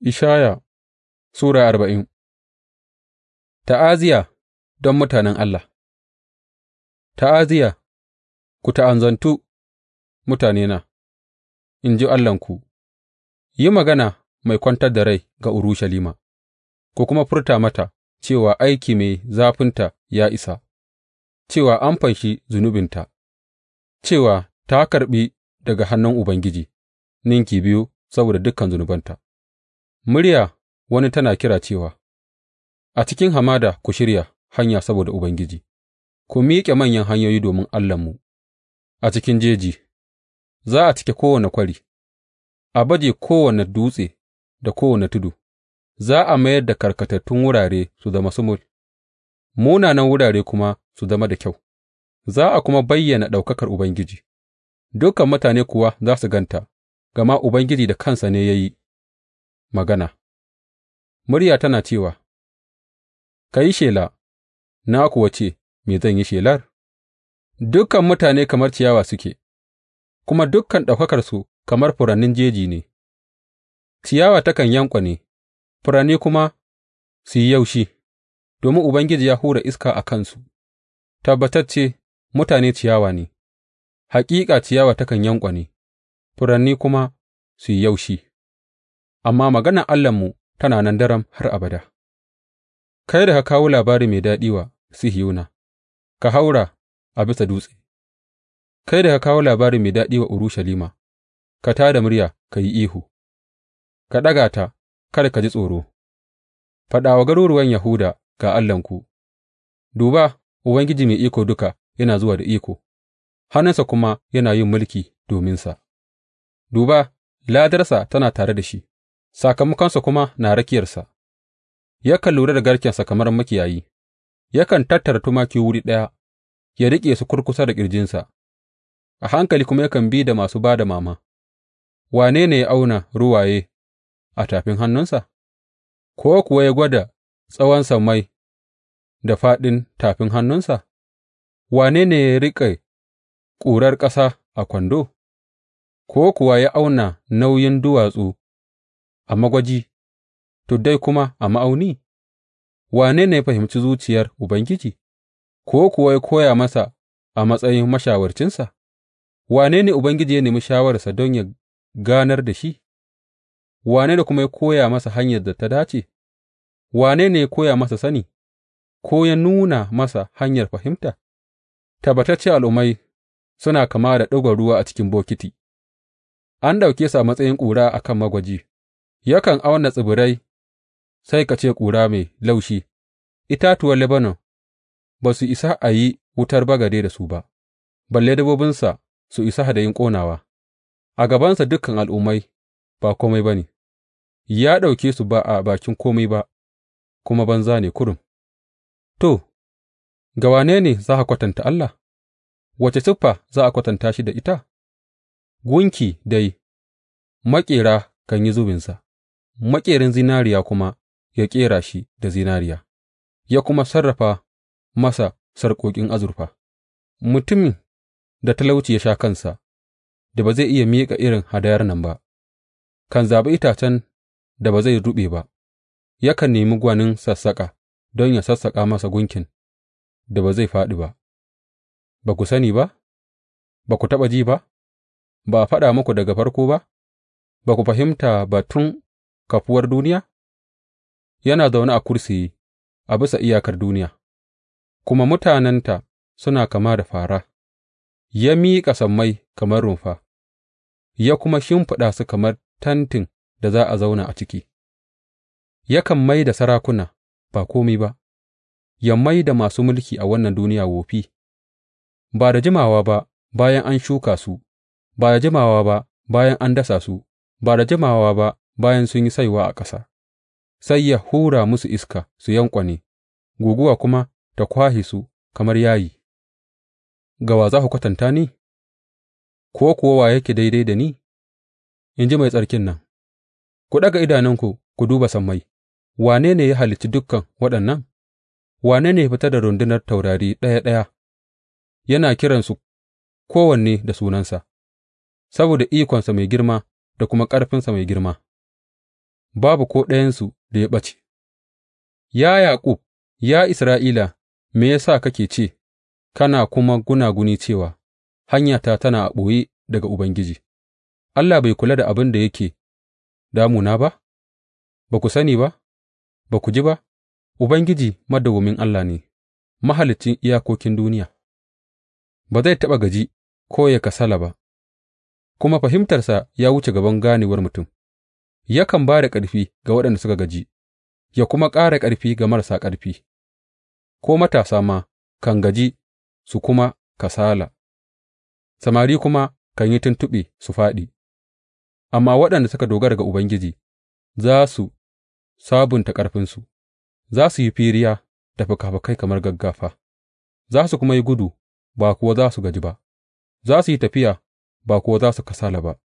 Ishaya Sura arba'in Ta'aziyya don mutanen Allah Ta'aziyya, ku ta'anzantu mutanena, in ji Allahnku, yi magana mai kwantar da rai ga Urushalima, ku kuma furta mata cewa aiki mai zafinta ya isa, cewa an fanshi zunubinta, cewa ta karɓi daga hannun Ubangiji ninki biyu saboda dukan zunubanta. murya wani tana kira cewa, A cikin hamada ku shirya hanya saboda Ubangiji, ku miƙe manyan hanyoyi domin Allahnmu; a cikin jeji za a cike kowane kwari, a baje kowane dutse da kowane tudu, za a mayar da karkatattun wurare su zama sumul, munanan wurare kuma su zama da kyau, za a kuma bayyana ɗaukakar Ubangiji, dukan mutane kuwa za su ganta, gama Ubangiji da kansa ne ya yi. magana, murya tana cewa, Ka yi shela, na kuwa ce, Me zan yi shelar? Dukan mutane kamar ciyawa suke, kuma dukan ɗaukakarsu kamar furannin jeji ne, ciyawa takan ne, furanni kuma su yi yaushi, domin Ubangiji ya hura iska a kansu, tabbatacce mutane ciyawa ne, hakika ciyawa takan ne, furanni kuma su yi yaushi. amma maganar Allahnmu tana nan daram har abada, kai da ka kawo labari mai daɗi wa sihiyuna. ka haura a bisa dutse, kai da ka kawo labari mai daɗi wa Urushalima, ka tā da murya ka yi ihu, ka ɗaga ta, kada ka ji tsoro, faɗa wa garuruwan Yahuda ga Allahnku, duba, Ubangiji Mai Iko Duka yana zuwa da iko, hannunsa kuma yana yin mulki dominsa, duba, ladarsa tana tare da shi. sakamakonsa kuma na rakiyarsa, yakan lura da garkensa kamar makiyayi, yakan tattara tumaki wuri ɗaya, ya riƙe su kurkusa da ƙirjinsa, a hankali kuma yakan bi da masu ba da mama. Wane ne ya auna ruwaye a tafin hannunsa, ko kuwa ya gwada tsawon mai da faɗin tafin hannunsa? Wane ne ya riƙe ƙurar ƙasa a kwando, ko kuwa ya auna nauyin duwatsu a magwaji, tuddai kuma a ma'auni? Wane ne ya fahimci zuciyar Ubangiji, ko kuwa ya koya masa a matsayin mashawarcinsa? Wane ne Ubangiji ya nemi shawararsa don ya ganar da shi, wane da kuma ya koya masa hanyar da ta dace, wane ne ya koya masa sani, ko ya nuna masa hanyar fahimta? Tabbatacce al'ummai suna kama da ɗigon ruwa a cikin bokiti, an ɗauke su a matsayin ƙura a kan magwaji. Yakan auna tsibirai sai ka ce ƙura mai laushi; itatuwan Lebanon ba su isa a yi wutar bagade da su ba, balle dabbobinsa su isa hadayun ƙonawa; a gabansa dukan al'ummai ba komai ba ne, ya ɗauke su ba a bakin komai ba, kuma banza ne kurum To, ga wane ne za ka kwatanta Allah, wace siffa za a kwatanta shi da ita, gunki dai maƙera kan yi zubinsa. maƙerin zinariya kuma ya ƙera shi da zinariya, ya kuma sarrafa masa sarƙoƙin azurfa, mutumin da talauci ya sha kansa, da ba zai iya miƙa irin hadayar nan ba, kan zaɓi itacen da ba zai ruɓe ba, yakan nemi gwanin sassaƙa don ya sassaƙa masa gunkin da ba zai faɗi ba, ba ku sani ba, ba ku taɓa ji ba, ba a faɗa muku daga farko ba, ba ku fahimta ba tun kafuwar duniya, yana zaune a kursiyi a bisa iyakar duniya, kuma mutanenta suna kama da fara. ya miƙa sammai kamar rumfa, ya kuma shimfiɗa su kamar tantin da za a zauna a ciki, yakan mai da sarakuna ba komi ba, ya mai da masu mulki a wannan duniya wofi, ba da jimawa ba bayan an shuka su, ba da jimawa ba bayan an dasa su, ba da jimawa ba bayan sun yi saiwa a ƙasa, sai ya hura musu iska su yanƙwane, guguwa kuma ta kwashe su kamar yayi. Ga wa za ku kwatanta ni, ko kuwa wa yake daidai da ni, in ji mai tsarkin nan, ku ɗaga idanunku ku duba sammai, wane ne ya halicci dukkan waɗannan? Wane ne ya fitar da rundunar taurari ɗaya-ɗaya, yana kiransu kowanne da sunansa, saboda ikonsa mai girma da kuma ƙarfinsa mai girma. babu ko ɗayansu da ya ɓace. Ya Yaƙub, ya Isra'ila, me ya sa kake ce, kana kuma gunaguni cewa, Hanyata tana a ɓoye daga Ubangiji, Allah bai kula da abin da yake damuna ba? Ba ku sani ba, ba ku ji ba, Ubangiji madawwamin Allah ne, mahaliccin iyakokin duniya, ba zai taɓa gaji ko ya kasala ba, kuma fahimtarsa ya wuce gaban ganewar mutum. yakan ba da ƙarfi ga waɗanda suka gaji ya kuma ƙara ƙarfi ga marasa ƙarfi, ko matasa ma kan gaji su kuma kasala, samari kuma kan yi tuntuɓe su fāɗi, amma waɗanda suka dogara ga Ubangiji za su sabunta ƙarfinsu, za su yi firiya da fikafikai kamar gaggafa, za su kuma yi gudu ba kuwa za su gaji ba, za su yi tafiya ba kuwa za su kasala ba.